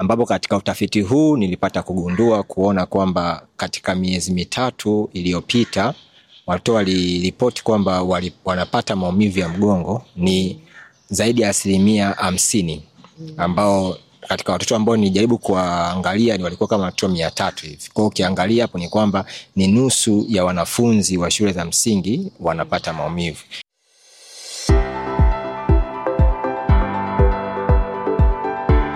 ambapo katika utafiti huu nilipata kugundua kuona kwamba katika miezi mitatu iliyopita watoto waliripoti kwamba wali, wanapata maumivu ya mgongo ni zaidi ya asilimia hamsini ambao katika watoto ambao nilijaribu kuwaangalia ni walikuwa kama watoto mia tatu hivi. kwao. ukiangalia hapo ni kwamba ni nusu ya wanafunzi wa shule za msingi wanapata maumivu.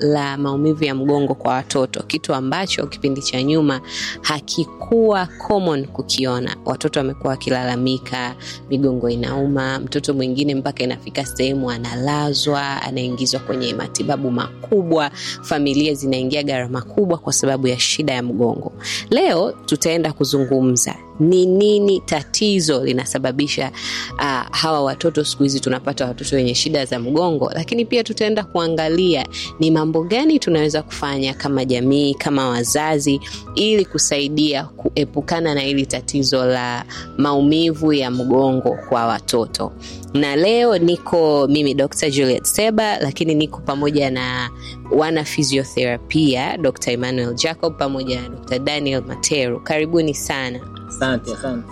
la maumivu ya mgongo kwa watoto, kitu ambacho kipindi cha nyuma hakikuwa common kukiona. Watoto wamekuwa wakilalamika, migongo inauma, mtoto mwingine mpaka inafika sehemu analazwa, anaingizwa kwenye matibabu makubwa, familia zinaingia gharama kubwa kwa sababu ya shida ya mgongo. Leo tutaenda kuzungumza ni nini tatizo linasababisha uh, hawa watoto. Siku hizi tunapata watoto wenye shida za mgongo, lakini pia tutaenda kuangalia ni mambo gani tunaweza kufanya kama jamii, kama wazazi, ili kusaidia kuepukana na hili tatizo la maumivu ya mgongo kwa watoto. Na leo niko mimi Dr. Juliet Seba, lakini niko pamoja na wana fizioterapia Dr. Emmanuel Jacob pamoja na Dr. Daniel Materu. Karibuni sana. Asante, asante.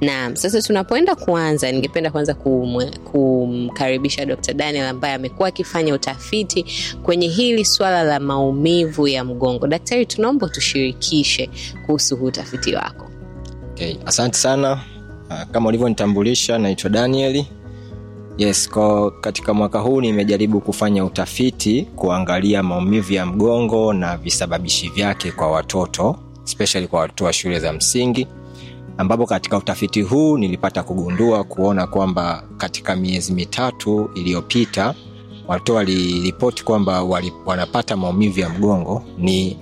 Naam, sasa tunapoenda kuanza, ningependa kwanza kumkaribisha Dr. Daniel ambaye amekuwa akifanya utafiti kwenye hili swala la maumivu ya mgongo. Daktari, tunaomba tushirikishe kuhusu huu utafiti wako. Okay, asante sana. Ah, kama ulivyonitambulisha, naitwa Danieli Yes, kwa katika mwaka huu nimejaribu kufanya utafiti kuangalia maumivu ya mgongo na visababishi vyake kwa watoto, especially kwa watoto wa shule za msingi, ambapo katika utafiti huu nilipata kugundua kuona kwamba katika miezi mitatu iliyopita watoto waliripoti kwamba wali, wanapata maumivu ya mgongo ni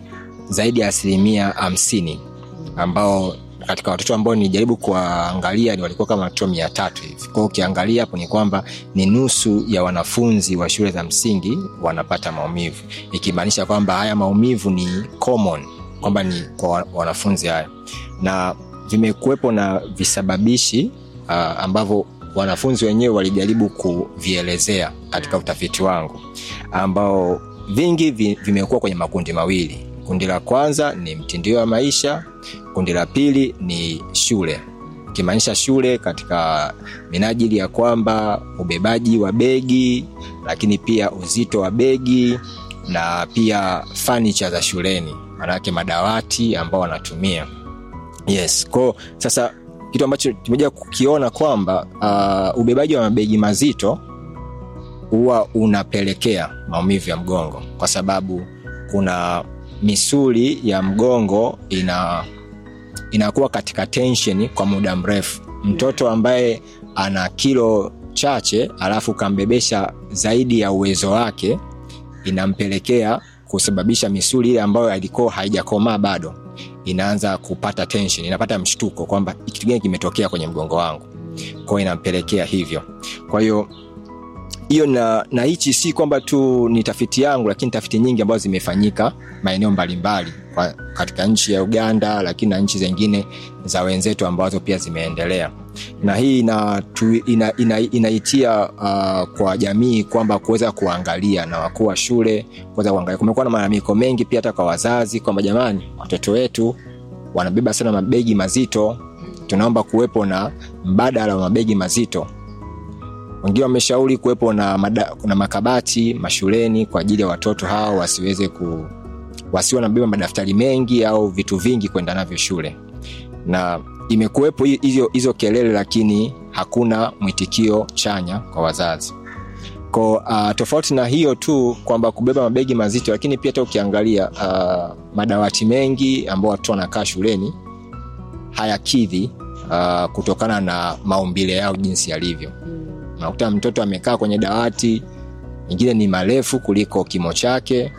zaidi ya asilimia hamsini ambao katika watoto ambao nijaribu kuwaangalia ni walikuwa kama watoto mia tatu hivi. kwao ukiangalia hapo ni kwamba ni nusu ya wanafunzi wa shule za msingi wanapata maumivu, ikimaanisha kwamba haya maumivu ni common, kwamba ni kwa wanafunzi haya, na vimekuwepo na visababishi uh, ambavyo wanafunzi wenyewe walijaribu kuvielezea katika utafiti wangu, ambao vingi vimekuwa kwenye makundi mawili Kundi la kwanza ni mtindio wa maisha, kundi la pili ni shule, kimaanisha shule katika minajili ya kwamba ubebaji wa begi, lakini pia uzito wa begi na pia fanicha za shuleni, manaake madawati ambao wanatumia. Yes, ko sasa kitu ambacho tumeja kukiona kwamba uh, ubebaji wa mabegi mazito huwa unapelekea maumivu ya mgongo kwa sababu kuna misuli ya mgongo ina inakuwa katika tenshen kwa muda mrefu. Mtoto ambaye ana kilo chache alafu kambebesha zaidi ya uwezo wake, inampelekea kusababisha misuli ile ambayo alikuwa haijakomaa bado inaanza kupata tenshen inapata mshtuko kwamba kitu gani kimetokea kwenye mgongo wangu, kwao inampelekea hivyo. Kwa hiyo hiyo na, na hichi si kwamba tu ni tafiti yangu, lakini tafiti nyingi ambazo zimefanyika maeneo mbalimbali katika nchi ya Uganda, lakini na nchi zingine za wenzetu ambazo pia zimeendelea, na hii inaitia ina, ina, ina uh, kwa jamii kwamba kuweza kuangalia na wakuu wa shule kuweza kuangalia. Kumekuwa na malalamiko mengi pia hata kwa wazazi kwamba jamani, watoto wetu wanabeba sana mabegi mazito, tunaomba kuwepo na mbadala wa mabegi mazito wengine wameshauri kuwepo na, mada, na makabati mashuleni kwa ajili ya watoto hao wasiweze ku, wasiwa nabeba madaftari mengi au vitu vingi kwenda navyo shule, na imekuwepo hizo kelele, lakini hakuna mwitikio chanya kwa wazazi ko uh, ah, tofauti na hiyo tu kwamba kubeba mabegi mazito, lakini pia hata ukiangalia uh, madawati mengi ambao watoto wanakaa shuleni hayakidhi uh, kutokana na maumbile yao jinsi yalivyo unakuta mtoto amekaa kwenye dawati, wengine ni marefu kuliko kimo chake,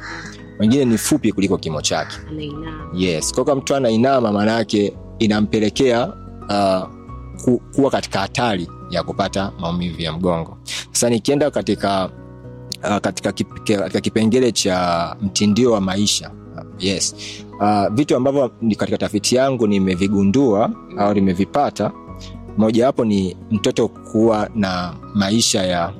wengine ni fupi kuliko kimo chake. Yes, kwa mtu anainama, maanayake inampelekea uh, kuwa katika hatari ya kupata maumivu ya mgongo. Sasa nikienda katika, uh, katika, kip, katika kipengele cha mtindio wa maisha uh, yes, uh, vitu ambavyo katika tafiti yangu nimevigundua au nimevipata mojawapo ni mtoto kuwa na maisha ya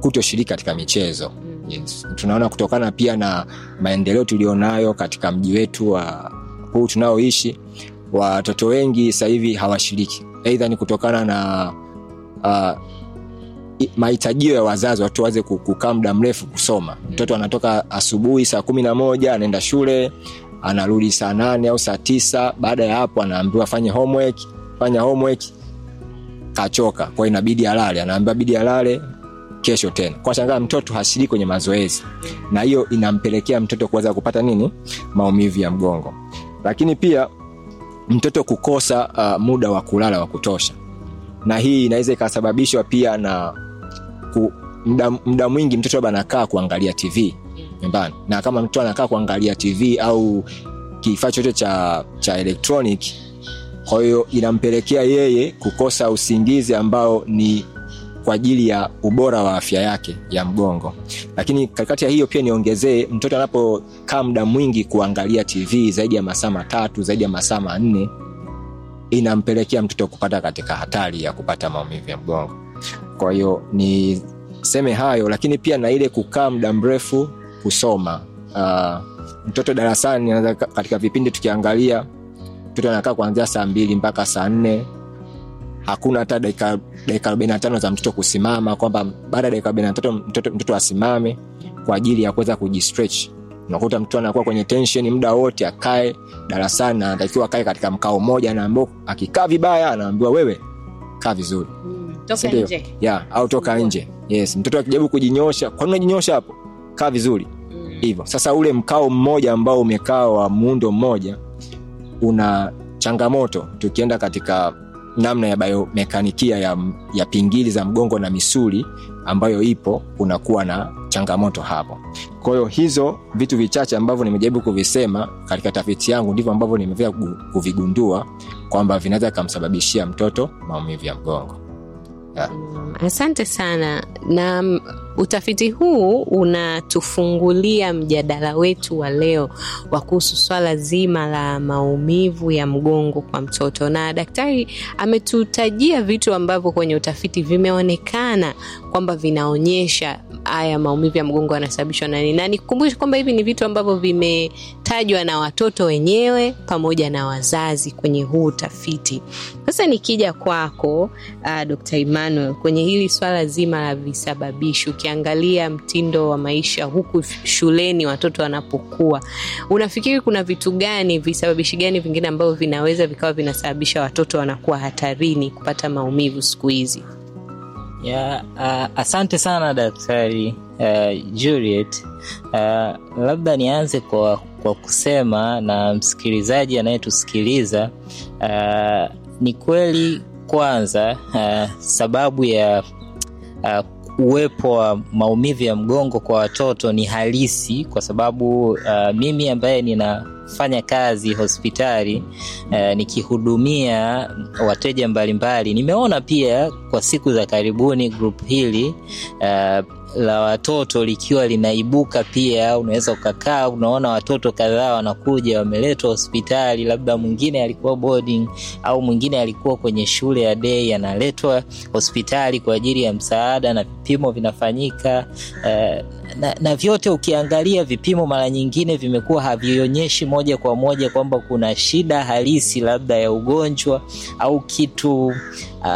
kutoshiriki katika michezo mm. yes. Tunaona kutokana pia na maendeleo tulionayo katika mji wetu wa huu tunaoishi, watoto wengi sahivi hawashiriki, eidha ni kutokana na uh, mahitajio ya wazazi watoto waweze kukaa muda mrefu kusoma. Mm. Mtoto anatoka asubuhi saa kumi na moja anaenda shule anarudi saa nane au saa tisa. Baada ya hapo, anaambiwa fanye homework, fanya homework kachoka, kwa inabidi alale, anaambia bidi alale kesho tena. Kwa shangaa mtoto hashiriki kwenye mazoezi, na hiyo inampelekea mtoto kuweza kupata nini, maumivu ya mgongo. Lakini pia mtoto kukosa uh, muda wa kulala wa kutosha, na hii inaweza ikasababishwa pia na ku, mda, mda mwingi mtoto labda anakaa kuangalia TV nyumbani, na kama mtoto anakaa kuangalia TV au kifaa chochote cha, cha electronic kwa hiyo inampelekea yeye kukosa usingizi ambao ni kwa ajili ya ubora wa afya yake ya mgongo. Lakini katikati ya hiyo pia niongezee, mtoto anapokaa muda mwingi kuangalia TV zaidi ya masaa matatu, zaidi ya masaa manne, inampelekea mtoto kupata katika hatari ya kupata maumivu ya mgongo. Kwa hiyo niseme hayo, lakini pia na ile kukaa muda mrefu kusoma. Uh, mtoto darasani, katika vipindi tukiangalia mtoto anakaa kuanzia saa mbili mpaka saa nne hakuna hata dakika arobaini na tano za mtoto kusimama kwamba baada ya dakika arobaini na tatu mtoto, mtoto asimame kwa ajili ya kuweza kujistretch unakuta mtu anakuwa kwenye tenshen muda wote akae darasani na anatakiwa akae katika mkao mmoja na akikaa vibaya anaambiwa wewe kaa vizuri mm, toka Yeah, au toka mm. nje yes mtoto akijaribu kujinyosha kwani unajinyosha hapo kaa vizuri mm. hivyo mm. sasa ule mkao mmoja ambao umekaa wa muundo mmoja una changamoto tukienda katika namna ya bayomekanikia ya, ya pingili za mgongo na misuli ambayo ipo kunakuwa na changamoto hapo kwahiyo hizo vitu vichache ambavyo nimejaribu kuvisema katika tafiti yangu ndivyo ambavyo nimevia kuvigundua kwamba vinaweza vikamsababishia mtoto maumivu ya mgongo yeah. asante sana na Utafiti huu unatufungulia mjadala wetu wa leo wa kuhusu swala zima la maumivu ya mgongo kwa mtoto, na daktari ametutajia vitu ambavyo kwenye utafiti vimeonekana kwamba vinaonyesha haya maumivu ya mgongo yanasababishwa na nini, na nikukumbushe kwamba hivi ni vitu ambavyo vimetajwa na watoto wenyewe pamoja na wazazi kwenye huu utafiti. Sasa nikija kwako, uh, ah, Dr. Emmanuel, kwenye hili swala zima la visababisho ukiangalia mtindo wa maisha huku shuleni watoto wanapokuwa, unafikiri kuna vitu gani, visababishi gani vingine ambavyo vinaweza vikawa vinasababisha watoto wanakuwa hatarini kupata maumivu siku hizi? Yeah, uh, asante sana Daktari uh, Juliet. Uh, labda nianze kwa, kwa kusema na msikilizaji anayetusikiliza uh, ni kweli kwanza uh, sababu ya uh, uwepo wa maumivu ya mgongo kwa watoto ni halisi, kwa sababu uh, mimi ambaye nina fanya kazi hospitali eh, nikihudumia wateja mbalimbali, nimeona pia kwa siku za karibuni grup hili eh, la watoto likiwa linaibuka pia. Unaweza ukakaa unaona watoto kadhaa wanakuja wameletwa hospitali, labda mwingine alikuwa boarding au mwingine alikuwa kwenye shule ya day, analetwa hospitali kwa ajili ya msaada na vipimo vinafanyika. Eh, na, na vyote ukiangalia vipimo mara nyingine vimekuwa havionyeshi moja kwa moja kwamba kuna shida halisi labda ya ugonjwa au kitu uh,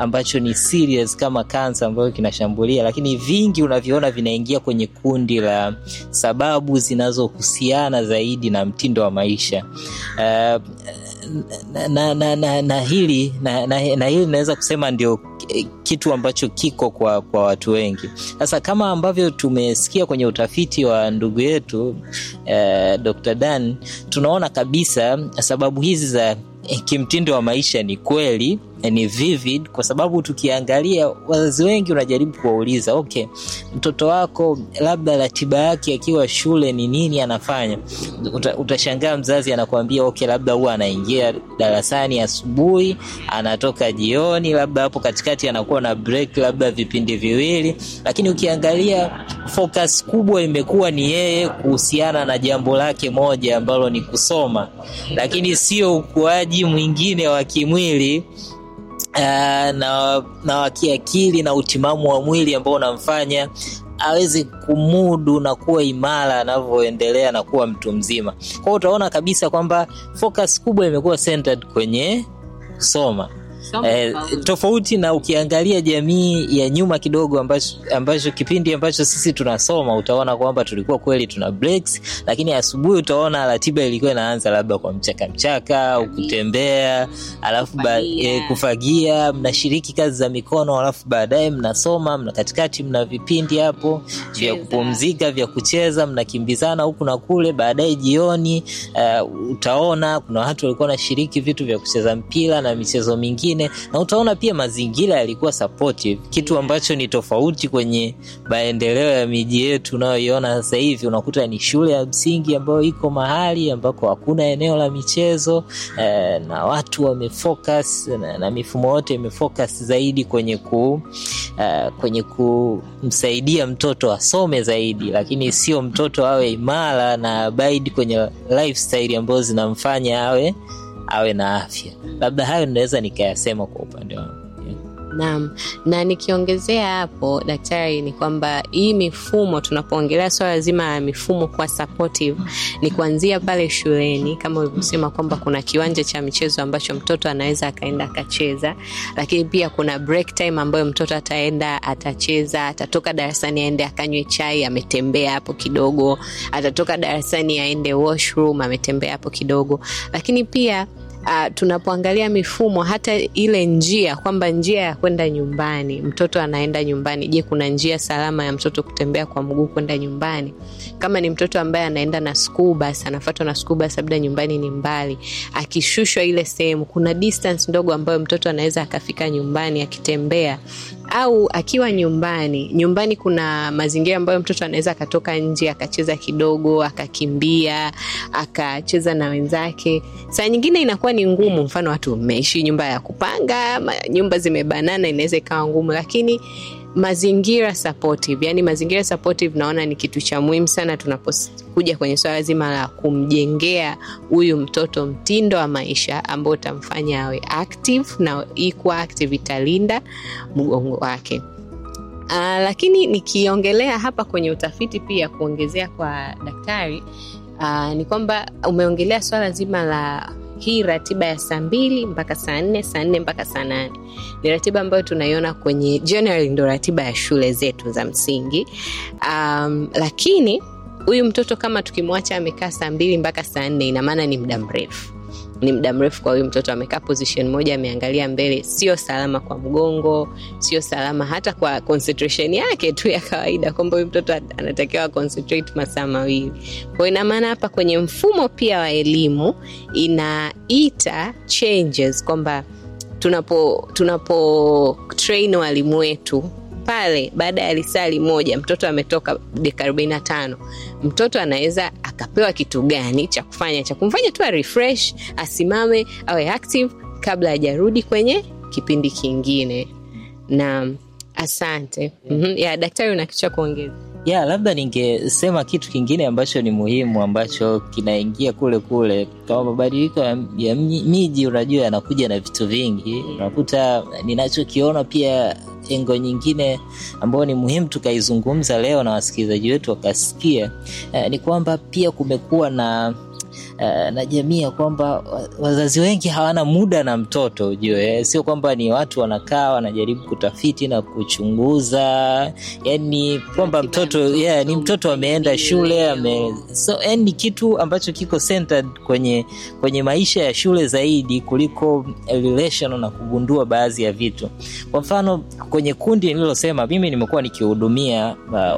ambacho ni serious kama kansa ambayo kinashambulia, lakini vingi unavyoona vinaingia kwenye kundi la sababu zinazohusiana zaidi na mtindo wa maisha uh, na, na, na, na hili na, na, na hili naweza kusema ndio kitu ambacho kiko kwa, kwa watu wengi. Sasa kama ambavyo tumesikia kwenye utafiti wa ndugu yetu eh, Dr. Dan, tunaona kabisa sababu hizi za kimtindo wa maisha ni kweli ni vivid, kwa sababu tukiangalia wazazi wengi unajaribu kuwauliza okay, mtoto wako labda ratiba yake akiwa shule ni nini anafanya? Uta, utashangaa mzazi anakuambia okay, labda huwa anaingia darasani asubuhi anatoka jioni, labda hapo katikati anakuwa na break labda vipindi viwili, lakini ukiangalia focus kubwa imekuwa ni yeye kuhusiana na jambo lake moja ambalo ni kusoma, lakini sio ukuaji mwingine wa kimwili Eh, na, na wakiakili na utimamu wa mwili ambao unamfanya aweze kumudu na kuwa imara anavyoendelea na kuwa mtu mzima. Kwa hiyo utaona kabisa kwamba focus kubwa imekuwa centered kwenye kusoma eh, tofauti na ukiangalia jamii ya nyuma kidogo, ambacho, ambacho kipindi ambacho sisi tunasoma utaona kwamba tulikuwa kweli tuna breaks, lakini asubuhi utaona ratiba ilikuwa inaanza labda kwa mchaka mchaka au kutembea, alafu kufagia, eh, kufagia, mnashiriki kazi za mikono, alafu baadaye mnasoma, mna katikati mna vipindi hapo vya kupumzika, vya kucheza, mnakimbizana huku na kule, baadaye jioni uh, utaona kuna watu walikuwa wanashiriki vitu vya kucheza mpira na michezo mingine wengine, na utaona pia mazingira yalikuwa supportive, kitu ambacho ni tofauti kwenye maendeleo ya miji yetu unayoiona sasa hivi. Unakuta ni shule ya msingi ambayo iko mahali ambako hakuna eneo la michezo eh, na watu wamefocus na, na mifumo yote imefocus zaidi kwenye ku uh, kwenye kumsaidia mtoto asome zaidi, lakini sio mtoto awe imara na abide kwenye lifestyle ambazo zinamfanya awe awe na afya. Labda hayo ninaweza nikayasema kwa upande wangu. Naam, na nikiongezea hapo daktari, ni kwamba hii mifumo tunapoongelea swala so zima la mifumo kwa supportive ni kuanzia pale shuleni, kama ulivyosema kwamba kuna kiwanja cha michezo ambacho mtoto anaweza akaenda akacheza, lakini pia kuna break time ambayo mtoto ataenda atacheza, atatoka darasani aende akanywe chai, ametembea hapo kidogo, atatoka darasani aende washroom, ametembea hapo kidogo, lakini pia uh, tunapoangalia mifumo hata ile njia kwamba njia ya kwenda nyumbani, mtoto anaenda nyumbani, je, kuna njia salama ya mtoto kutembea kwa mguu kwenda nyumbani? Kama ni mtoto ambaye anaenda na school anafatwa na school labda nyumbani ni mbali, akishushwa ile sehemu, kuna distance ndogo ambayo mtoto anaweza akafika nyumbani akitembea au akiwa nyumbani. Nyumbani kuna mazingira ambayo mtoto anaweza akatoka nje akacheza kidogo, akakimbia, akacheza na wenzake. Saa nyingine inakuwa ni ngumu. Mfano, watu mmeishi nyumba ya kupanga, nyumba zimebanana, inaweza ikawa ngumu, lakini mazingira supportive, yani mazingira supportive naona ni kitu cha muhimu sana tunapokuja kwenye swala zima la kumjengea huyu mtoto mtindo wa maisha ambao utamfanya awe active, na ikuwa active italinda mgongo wake. Uh, lakini nikiongelea hapa kwenye utafiti pia kuongezea kwa daktari uh, ni kwamba umeongelea swala zima la hii ratiba ya saa mbili mpaka saa nne, saa nne mpaka saa nane ni ratiba ambayo tunaiona kwenye general ndo ratiba ya shule zetu za msingi um, lakini huyu mtoto kama tukimwacha amekaa saa mbili mpaka saa nne, ina maana ni muda mrefu ni muda mrefu kwa huyu mtoto amekaa position moja, ameangalia mbele, sio salama kwa mgongo, sio salama hata kwa concentration yake tu ya kawaida, kwamba huyu mtoto anatakiwa concentrate masaa mawili. Kwa ina maana hapa kwenye mfumo pia wa elimu inaita changes kwamba tunapo tunapo train walimu wetu pale baada ya risali moja mtoto ametoka dakika arobaini na tano mtoto anaweza akapewa kitu gani cha kufanya cha kumfanya tu arefresh asimame awe active kabla hajarudi kwenye kipindi kingine na asante mm -hmm. ya daktari una kitu cha kuongeza ya labda ningesema kitu kingine ambacho ni muhimu ambacho kinaingia kule kule kama mabadiliko ya, ya miji, unajua yanakuja na vitu vingi. Unakuta ninachokiona pia engo nyingine ambayo ni muhimu tukaizungumza leo na wasikilizaji wetu wakasikia, eh, ni kwamba pia kumekuwa na Eh, na jamii ya kwamba wazazi wengi hawana muda na mtoto ujue, eh, sio kwamba ni watu wanakaa wanajaribu kutafiti na kuchunguza, yani kwamba mtoto yeah, ni mtoto ameenda shule ame, so yani ni kitu ambacho kiko centered kwenye, kwenye maisha ya shule zaidi kuliko eh, relational na kugundua baadhi ya vitu. Kwa mfano kwenye kundi nililosema mimi nimekuwa nikihudumia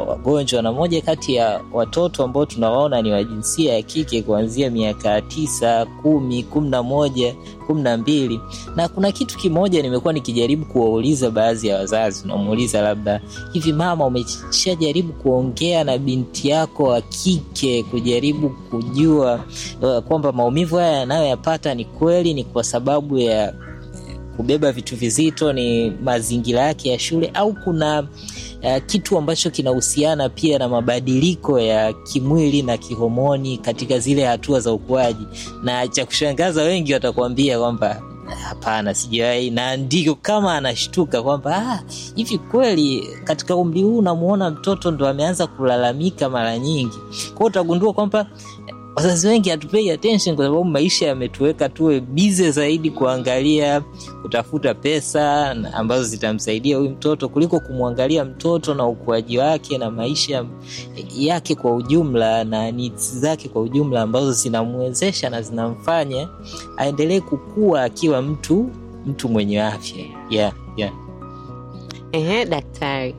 wagonjwa, na moja kati ya watoto ambao tunawaona ni wa jinsia ya kike kuanzia miaka tisa, kumi, kumi na moja, kumi na mbili. Na kuna kitu kimoja nimekuwa nikijaribu kuwauliza baadhi ya wazazi, namuuliza labda hivi, mama, umeshajaribu kuongea na binti yako wa kike kujaribu kujua eh, kwamba maumivu haya yanayoyapata ni kweli, ni kwa sababu ya kubeba vitu vizito ni mazingira yake ya shule au kuna uh, kitu ambacho kinahusiana pia na mabadiliko ya kimwili na kihomoni katika zile hatua za ukuaji. Na cha kushangaza, wengi watakuambia kwamba hapana, sijawai na ndio kama anashtuka kwamba ah, hivi kweli katika umri huu unamwona mtoto ndo ameanza kulalamika mara nyingi. Kwao utagundua kwamba wazazi wengi hatupei attention kwa sababu maisha yametuweka tuwe bize zaidi kuangalia kutafuta pesa ambazo zitamsaidia huyu mtoto kuliko kumwangalia mtoto na ukuaji wake na maisha yake kwa ujumla na nii zake kwa ujumla ambazo zinamwezesha na zinamfanya aendelee kukua akiwa mtu mtu mwenye afya yeah, yeah. Ehe, daktari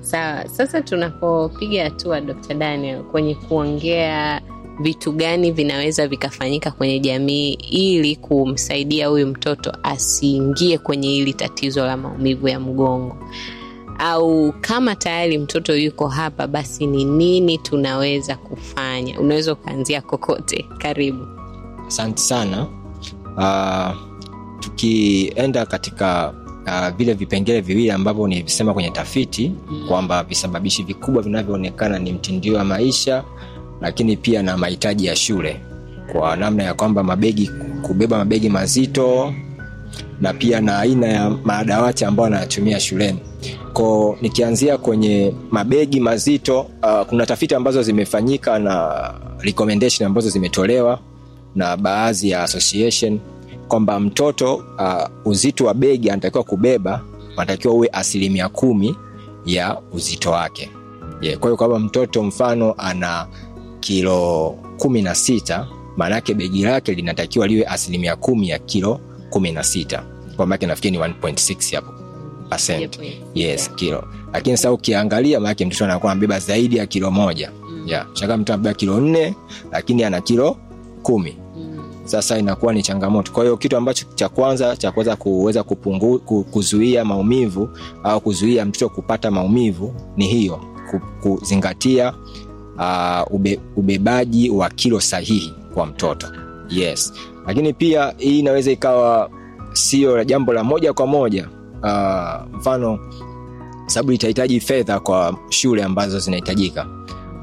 sawa. Sasa tunapopiga hatua Dr. Daniel kwenye kuongea vitu gani vinaweza vikafanyika kwenye jamii ili kumsaidia huyu mtoto asiingie kwenye hili tatizo la maumivu ya mgongo, au kama tayari mtoto yuko hapa, basi ni nini tunaweza kufanya? Unaweza ukaanzia kokote. Karibu. Asante sana. Uh, tukienda katika uh, vile vipengele viwili ambavyo nivisema kwenye tafiti mm, kwamba visababishi vikubwa vinavyoonekana ni mtindio wa maisha lakini pia na mahitaji ya shule kwa namna ya kwamba mabegi kubeba mabegi mazito na pia na aina ya madawati ambayo anayatumia shuleni. Ko, nikianzia kwenye mabegi mazito uh, kuna tafiti ambazo zimefanyika na recommendation ambazo zimetolewa na baadhi ya association kwamba mtoto uh, uzito wa begi anatakiwa kubeba anatakiwa uwe asilimia kumi ya uzito wake. Yeah, kwa hiyo kwamba mtoto mfano ana kilo kumi na sita, maanake begi lake linatakiwa liwe asilimia kumi ya kilo kumi na sita, kwa maana ni 1.6 hapo percent. Yes, kilo. Lakini sasa ukiangalia, maana mtoto anakuwa anabeba zaidi ya kilo moja. Mm. Yeah, shaka mtu anabeba kilo nne lakini ana kilo kumi. Mm. Sasa inakuwa ni changamoto. Kwa hiyo kitu ambacho cha kwanza cha kuweza kuweza kuzuia maumivu au kuzuia mtoto kupata maumivu ni hiyo kuzingatia uh, ube, ubebaji wa kilo sahihi kwa mtoto yes. Lakini pia hii inaweza ikawa sio jambo la moja kwa moja uh, mfano sababu itahitaji fedha kwa shule ambazo zinahitajika,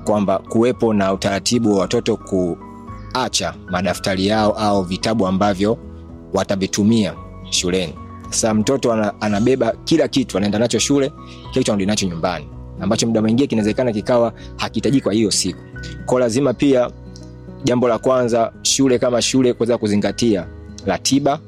kwamba kuwepo na utaratibu wa watoto kuacha madaftari yao au vitabu ambavyo watavitumia shuleni. Sasa mtoto anabeba kila kitu, anaenda nacho shule, kila kitu nacho nyumbani ambacho muda mwingine kinawezekana kikawa hakihitaji kwa hiyo siku. Kwa lazima pia, jambo la kwanza, shule kama shule kuweza kuzingatia ratiba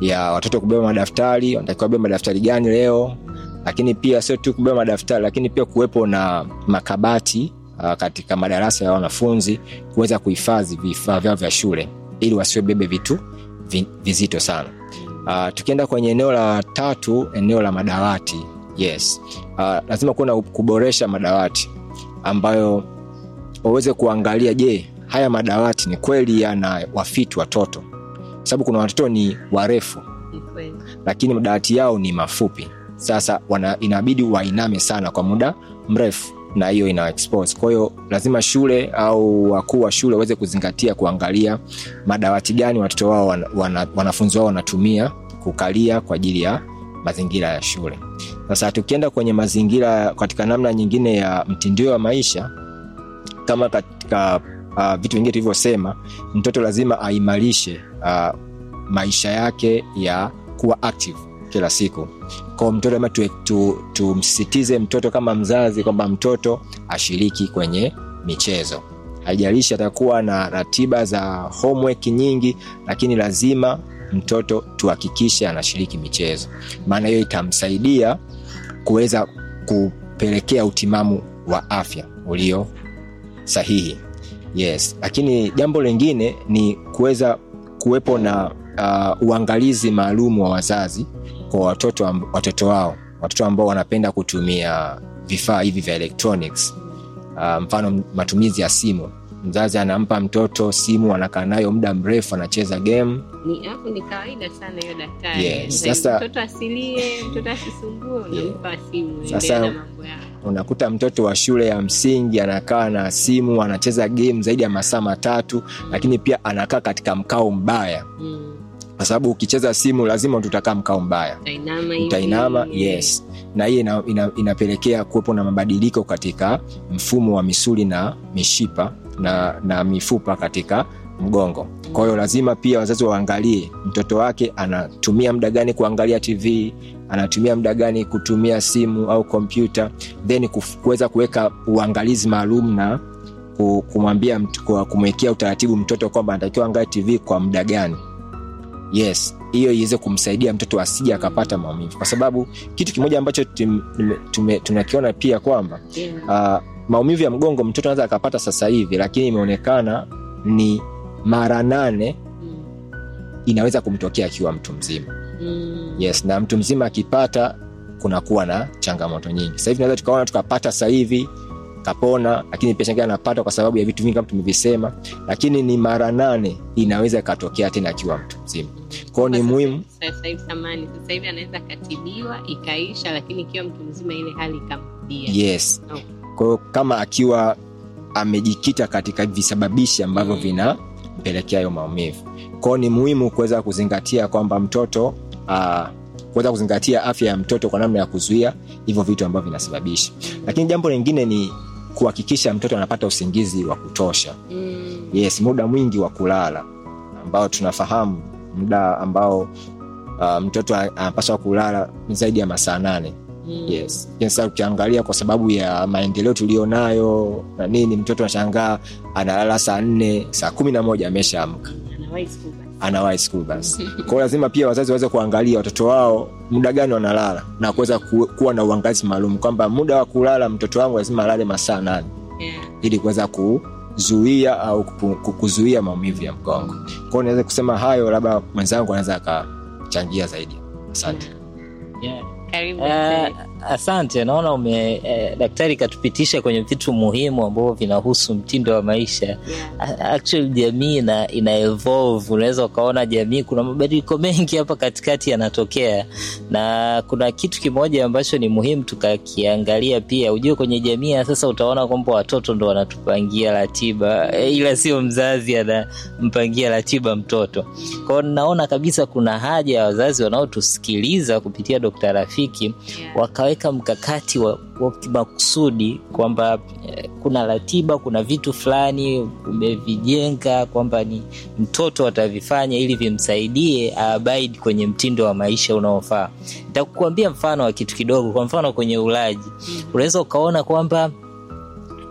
ya watoto kubeba madaftari, wanatakiwa kubeba madaftari gani leo, lakini pia sio tu kubeba madaftari, lakini pia kuwepo na makabati ah, katika madarasa ya wanafunzi kuweza kuhifadhi vifaa vyao vya shule ili wasiobebe vitu vizito sana. Ah, tukienda kwenye eneo la tatu, eneo la madawati yes uh, lazima kuwe na kuboresha madawati ambayo waweze kuangalia je haya madawati ni kweli yana wafiti watoto sababu kuna watoto ni warefu lakini madawati yao ni mafupi sasa wana, inabidi wainame sana kwa muda mrefu na hiyo ina kwahiyo lazima shule au wakuu wa shule waweze kuzingatia kuangalia madawati gani watoto wao wana, wana, wanafunzi wao wanatumia kukalia kwa ajili ya mazingira ya shule. Sasa tukienda kwenye mazingira katika namna nyingine ya mtindio wa maisha, kama katika uh, vitu vingine tulivyosema, mtoto lazima aimarishe uh, maisha yake ya kuwa active kila siku kwa mtoto ama tumsisitize tu, tu mtoto kama mzazi kwamba mtoto ashiriki kwenye michezo. Haijalishi atakuwa na ratiba za homework nyingi, lakini lazima mtoto tuhakikishe anashiriki michezo, maana hiyo itamsaidia kuweza kupelekea utimamu wa afya ulio sahihi. Yes, lakini jambo lingine ni kuweza kuwepo na uh, uangalizi maalum wa wazazi kwa watoto, amb, watoto wao watoto ambao wanapenda kutumia vifaa hivi vya electronics uh, mfano matumizi ya simu mzazi anampa mtoto simu anakaa nayo muda mrefu anacheza game ni, ni kawaida sana hiyo daktari yes. sasa mtoto asilie mtoto asisumbue unampa yeah. simu sasa unakuta mtoto wa shule ya msingi anakaa na simu anacheza game zaidi ya masaa matatu mm. lakini pia anakaa katika mkao mbaya mm kwa sababu ukicheza simu lazima tutakaa mkao mbaya utainama yes na hiyi ina, ina, inapelekea kuwepo na mabadiliko katika mfumo wa misuli na mishipa na, na mifupa katika mgongo. Kwa hiyo lazima pia wazazi waangalie mtoto wake anatumia muda gani kuangalia TV, anatumia muda gani kutumia simu au kompyuta, then kuweza kuweka uangalizi maalum na kumwambia kumwekea utaratibu mtoto kwamba anatakiwa angalie TV kwa muda gani. Yes, hiyo iweze kumsaidia mtoto asije akapata maumivu, kwa sababu kitu kimoja ambacho tunakiona pia kwamba uh, maumivu ya mgongo mtoto anaweza akapata sasa hivi, lakini imeonekana ni mara nane mm. inaweza kumtokea akiwa mtu mzima mm. Yes, na mtu mzima akipata kunakuwa na changamoto nyingi. Sasa hivi tukaona tukapata sasa hivi kapona, lakini pia shangia anapata kwa sababu ya vitu vingi kama tumevisema, lakini ni mara nane inaweza ikatokea tena akiwa mtu mzima. Kwao ni muhimu sasa hivi, anaweza katibiwa ikaisha, lakini ikiwa mtu mzima ile hali ikamdia Yes, okay. Kwa hiyo kama akiwa amejikita katika visababishi ambavyo mm. vinapelekea hayo maumivu. kwao ni muhimu kuweza kuzingatia kwamba mtoto uh, kuweza kuzingatia afya ya mtoto kwa namna ya kuzuia hivyo vitu ambavyo vinasababisha. Lakini jambo lingine ni kuhakikisha mtoto anapata usingizi wa kutosha. Mm. Yes, muda mwingi wa kulala ambao tunafahamu muda ambao uh, mtoto anapaswa kulala ni zaidi ya masaa nane yes. Sasa ukiangalia kwa sababu ya maendeleo tulionayo na nini, mtoto anashangaa analala saa nne saa kumi na moja ameshaamka anawahi skul Kwao lazima pia wazazi waweze kuangalia watoto wao muda gani wanalala na kuweza ku, kuwa na uangazi maalum kwamba muda wa kulala mtoto wangu lazima alale masaa nane yeah. ili kuweza kuzuia au kuzuia maumivu ya mgongo. Kwao naweza kusema hayo, labda mwenzangu anaweza akachangia zaidi. Asante yeah. Yeah. Every Uh, Asante, naona ume eh, daktari katupitisha kwenye vitu muhimu ambavyo vinahusu mtindo wa maisha yeah. Actually jamii ina, ina evolve. Unaweza ukaona jamii kuna mabadiliko mengi hapa katikati yanatokea, na kuna kitu kimoja ambacho ni muhimu tukakiangalia pia. Ujue kwenye jamii ya sasa utaona kwamba watoto ndo wanatupangia ratiba, eh, ila sio mzazi anampangia ratiba mtoto. Kwao naona kabisa kuna haja ya wazazi wanaotusikiliza kupitia Dokta Rafiki yeah. waka wameweka mkakati wa, wa kimakusudi kwamba eh, kuna ratiba, kuna vitu fulani umevijenga kwamba ni mtoto atavifanya ili vimsaidie aabaidi kwenye mtindo wa maisha unaofaa. Nitakuambia mfano wa kitu kidogo. Kwa mfano kwenye ulaji, mm-hmm. unaweza ukaona kwamba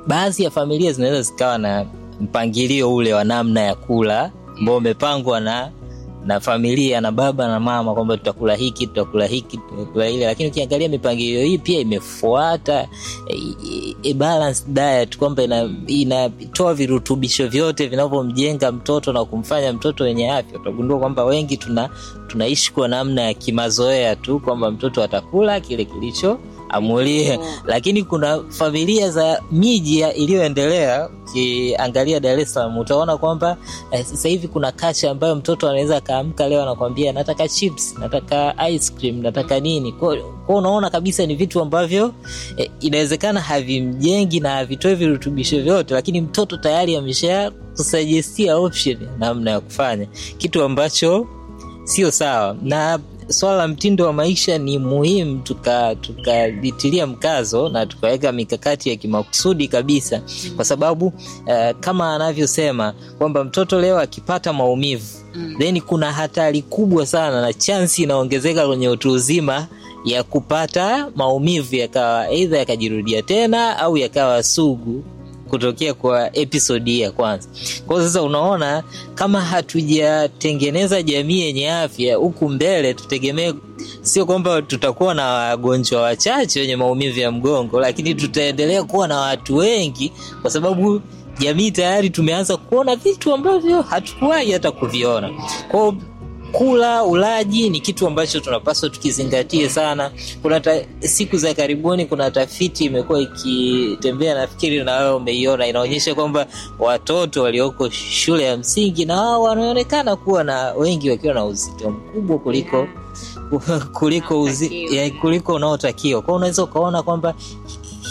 baadhi ya familia zinaweza zikawa na mpangilio ule wa namna ya kula ambao umepangwa na na familia na baba na mama kwamba tutakula hiki tutakula hiki tutakula ile, lakini ukiangalia mipangilio hii pia imefuata e, e, e diet kwamba inatoa ina virutubisho vyote vinavyomjenga mtoto na kumfanya mtoto wenye afya. Utagundua kwamba wengi tuna tunaishi kwa namna ya kimazoea tu kwamba mtoto atakula kile kilicho amulie. Lakini kuna familia za miji iliyoendelea, ukiangalia Dar es Salaam utaona kwamba eh, sasa hivi kuna kacha ambayo mtoto anaweza akaamka leo anakwambia nataka chips, nataka ice cream, nataka nini. Kwa unaona kabisa ni vitu ambavyo eh, inawezekana havimjengi na havitoi virutubisho vyote, lakini mtoto tayari amesha kusugestia option namna ya kufanya kitu ambacho sio sawa na swala la mtindo wa maisha ni muhimu tukalitilia tuka mkazo na tukaweka mikakati ya kimakusudi kabisa, kwa sababu uh, kama anavyosema kwamba mtoto leo akipata maumivu mm. then kuna hatari kubwa sana na chansi inaongezeka kwenye utu uzima ya kupata maumivu yakawa eidha yakajirudia tena au yakawa sugu kutokea kwa episodi ya kwanza. kwao sasa unaona kama hatujatengeneza jamii yenye afya, huku mbele tutegemee, sio kwamba tutakuwa na wagonjwa wachache wenye maumivu ya mgongo, lakini tutaendelea kuwa na watu wengi, kwa sababu jamii tayari tumeanza kuona vitu ambavyo hatukuwahi hata kuviona kwao Kula ulaji ni kitu ambacho tunapaswa tukizingatie sana. Kuna ta, siku za karibuni kuna tafiti imekuwa ikitembea, nafikiri na wewe umeiona, inaonyesha kwamba watoto walioko shule ya msingi na wao wanaonekana kuwa na wengi wakiwa na uzito mkubwa kuliko kuliko unaotakiwa. kwao unaweza ukaona kwamba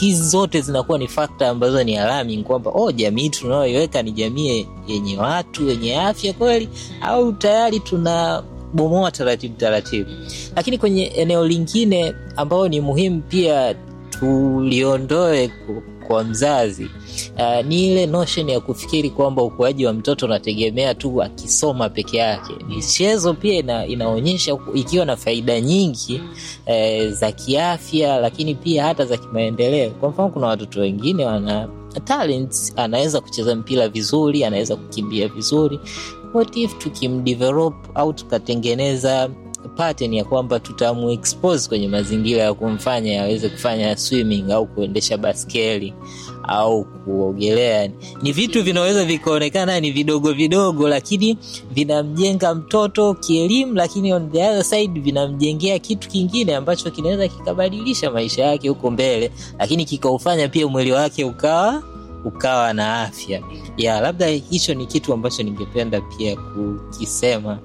hizi zote zinakuwa ni fakta ambazo ni alami kwamba oh, jamii tunayoiweka ni jamii yenye watu wenye afya kweli au tayari tuna bomoa taratibu taratibu. Lakini kwenye eneo lingine ambayo ni muhimu pia tuliondoe kwa mzazi uh, ni ile notion ya kufikiri kwamba ukuaji wa mtoto unategemea tu akisoma peke yake. Michezo pia ina, inaonyesha ikiwa na faida nyingi eh, za kiafya, lakini pia hata za kimaendeleo. Kwa mfano, kuna watoto wengine wana talent, anaweza kucheza mpira vizuri, anaweza kukimbia vizuri. What if tukimdevelop au tukatengeneza pattern ya kwamba tutamexpose kwenye mazingira ya kumfanya aweze kufanya swimming au kuendesha baskeli au kuogelea. Ni vitu vinaweza vikaonekana ni vidogo vidogo, lakini vinamjenga mtoto kielimu, lakini on the other side vinamjengea kitu kingine ambacho kinaweza kikabadilisha maisha yake huko mbele, lakini kikaufanya pia mwili wake ukawa ukawa na afya ya labda. Hicho ni kitu ambacho ningependa pia kukisema.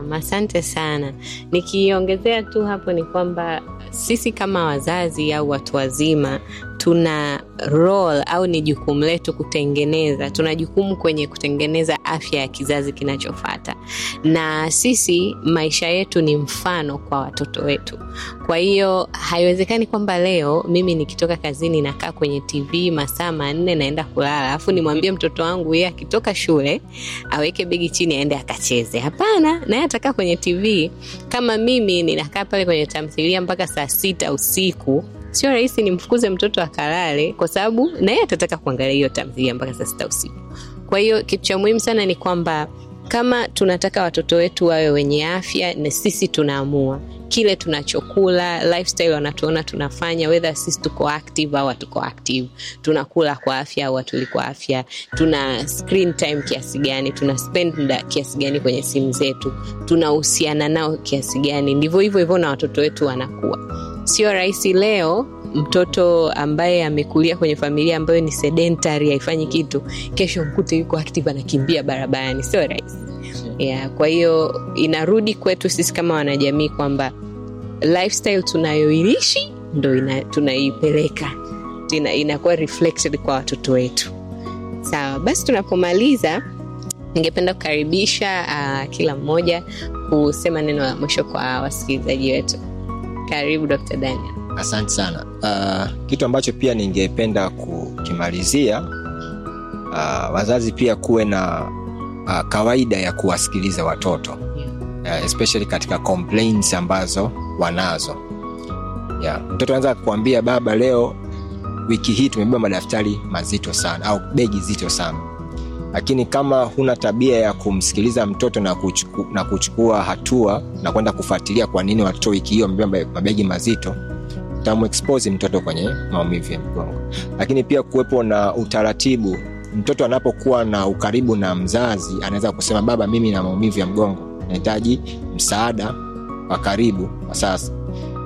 Naam, asante sana. Nikiongezea tu hapo ni kwamba sisi kama wazazi au watu wazima tuna role au ni jukumu letu kutengeneza, tuna jukumu kwenye kutengeneza afya ya kizazi kinachofata, na sisi maisha yetu ni mfano kwa watoto wetu. Kwa hiyo haiwezekani kwamba leo mimi nikitoka kazini nakaa kwenye TV masaa manne naenda kulala, alafu nimwambie mtoto wangu ye akitoka shule aweke begi chini aende akacheze. Hapana, naye atakaa kwenye TV kama mimi ninakaa pale kwenye tamthilia mpaka saa sita usiku sio rahisi nimfukuze mtoto akalale, kwa sababu na yeye atataka kuangalia hiyo tamthilia mpaka saa sita usiku. Kwa hiyo kitu cha muhimu sana ni kwamba kama tunataka watoto wetu wawe wenye afya, na sisi tunaamua kile tunachokula, lifestyle wanatuona tunafanya, whether sisi tuko active au hatuko active, tunakula kwa afya au hatuli kwa afya, tuna screen time kiasi gani, tuna spend muda kiasi gani kwenye simu zetu, tunahusiana nao kiasi gani, ndivyo hivyo hivyo na watoto wetu wanakuwa sio rahisi leo mtoto ambaye amekulia kwenye familia ambayo ni sedentary haifanyi kitu, kesho mkute yuko active anakimbia barabarani, sio rahisi yeah. Kwa hiyo inarudi kwetu sisi kama wanajamii kwamba lifestyle tunayoiishi ndo ina, tunaipeleka ina, inakuwa reflected kwa watoto wetu. Sawa, basi tunapomaliza, ningependa kukaribisha uh, kila mmoja kusema neno la mwisho kwa wasikilizaji wetu. Karibu Dr. Daniel. Asante sana. Uh, kitu ambacho pia ningependa kukimalizia, uh, wazazi pia kuwe na uh, kawaida ya kuwasikiliza watoto yeah. Uh, especially katika complaints ambazo wanazo yeah. Mtoto anaweza kuambia baba, leo wiki hii tumebeba madaftari mazito sana au begi zito sana lakini kama huna tabia ya kumsikiliza mtoto na, kuchuku, na kuchukua hatua na kwenda kufuatilia kwa nini watoto wiki hiyo wamebeba mabegi mazito tamuexposi mtoto kwenye maumivu ya mgongo lakini pia kuwepo na utaratibu mtoto anapokuwa na ukaribu na mzazi anaweza kusema baba mimi na maumivu ya mgongo nahitaji msaada wa karibu kwa sasa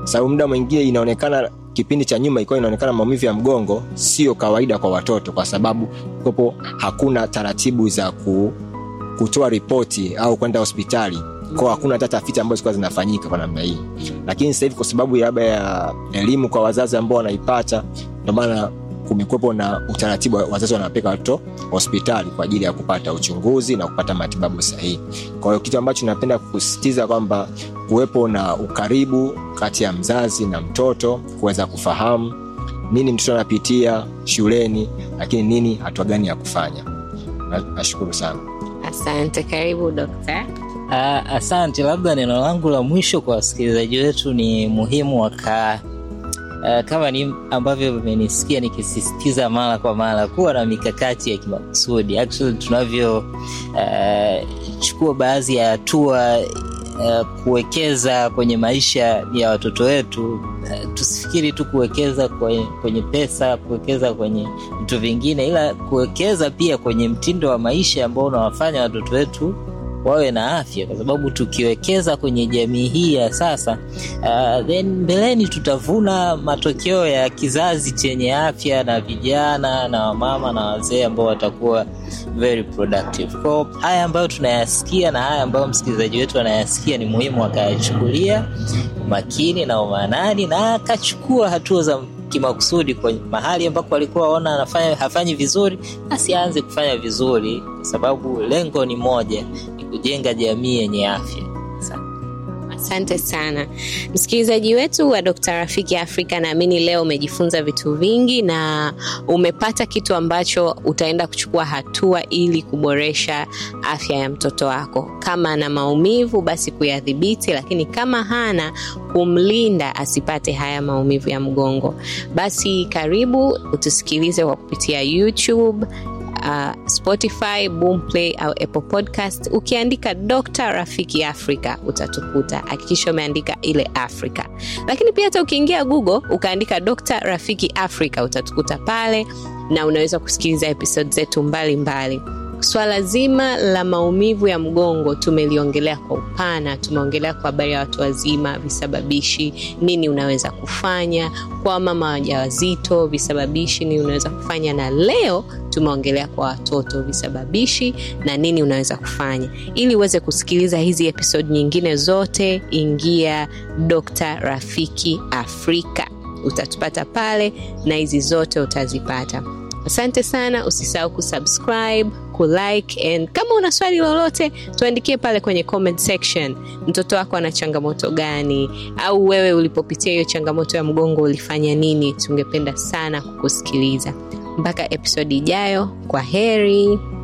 sababu muda mwingine inaonekana kipindi cha nyuma ilikuwa inaonekana maumivu ya mgongo sio kawaida kwa watoto kwa sababu kopo hakuna taratibu za ku, kutoa ripoti au kwenda hospitali kwa hakuna hata tafiti ambazo zilikuwa zinafanyika kwa namna hii, lakini sasa hivi kwa sababu labda ya elimu kwa wazazi ambao wanaipata, ndomaana maana kumekwepo na utaratibu, wazazi wanawapeka watoto hospitali kwa ajili ya kupata uchunguzi na kupata matibabu sahihi. Kwa hiyo kitu ambacho napenda kusisitiza kwamba kuwepo na ukaribu kati ya mzazi na mtoto, kuweza kufahamu nini mtoto anapitia shuleni, lakini nini, hatua gani ya kufanya. Nashukuru sana, asante. Karibu dokta. Ah, asante. Labda neno langu la mwisho kwa wasikilizaji wetu ni muhimu waka uh, kama ni ambavyo vimenisikia nikisisitiza mara kwa mara kuwa na mikakati ya kimakusudi. Actually tunavyochukua eh, uh, baadhi ya hatua Uh, kuwekeza kwenye maisha ya watoto wetu uh, tusifikiri tu kuwekeza kwenye, kwenye pesa, kuwekeza kwenye vitu vingine, ila kuwekeza pia kwenye mtindo wa maisha ambao unawafanya watoto wetu wawe na afya, kwa sababu tukiwekeza kwenye jamii hii ya sasa uh, then mbeleni tutavuna matokeo ya kizazi chenye afya na vijana na wamama na wazee ambao watakuwa very productive. Kwa haya ambayo tunayasikia na haya ambayo msikilizaji wetu anayasikia ni muhimu akayachukulia makini na umanani na akachukua hatua za kimakusudi kwa mahali ambako alikuwa ona anafanya hafanyi vizuri, basi aanze kufanya vizuri, kwa sababu lengo ni moja, kujenga jamii yenye afya. Asante sana msikilizaji wetu wa Dokta Rafiki Afrika. Naamini leo umejifunza vitu vingi na umepata kitu ambacho utaenda kuchukua hatua ili kuboresha afya ya mtoto wako. Kama ana maumivu, basi kuyadhibiti, lakini kama hana, kumlinda asipate haya maumivu ya mgongo. Basi karibu utusikilize kwa kupitia YouTube uh, Spotify, Boomplay au Apple Podcast. Ukiandika Dr. Rafiki Africa utatukuta. Hakikisha umeandika ile Africa. Lakini pia hata ukiingia Google ukaandika Dr. Rafiki Africa utatukuta pale na unaweza kusikiliza episode zetu mbalimbali mbali. Swala zima la maumivu ya mgongo tumeliongelea kwa upana. Tumeongelea kwa habari ya watu wazima, visababishi, nini unaweza kufanya kwa mama wazito visababishi, nini unaweza kufanya. Na leo tumeongelea kwa watoto visababishi na nini unaweza kufanya. Ili uweze kusikiliza hizi episodi nyingine zote, ingia d Rafiki Afrika, utatupata pale na hizi zote utazipata. Asante sana, usisahau kusubscribe, kulike and kama una swali lolote tuandikie pale kwenye comment section. Mtoto wako ana changamoto gani? Au wewe ulipopitia hiyo changamoto ya mgongo ulifanya nini? Tungependa sana kukusikiliza. Mpaka episodi ijayo, kwa heri.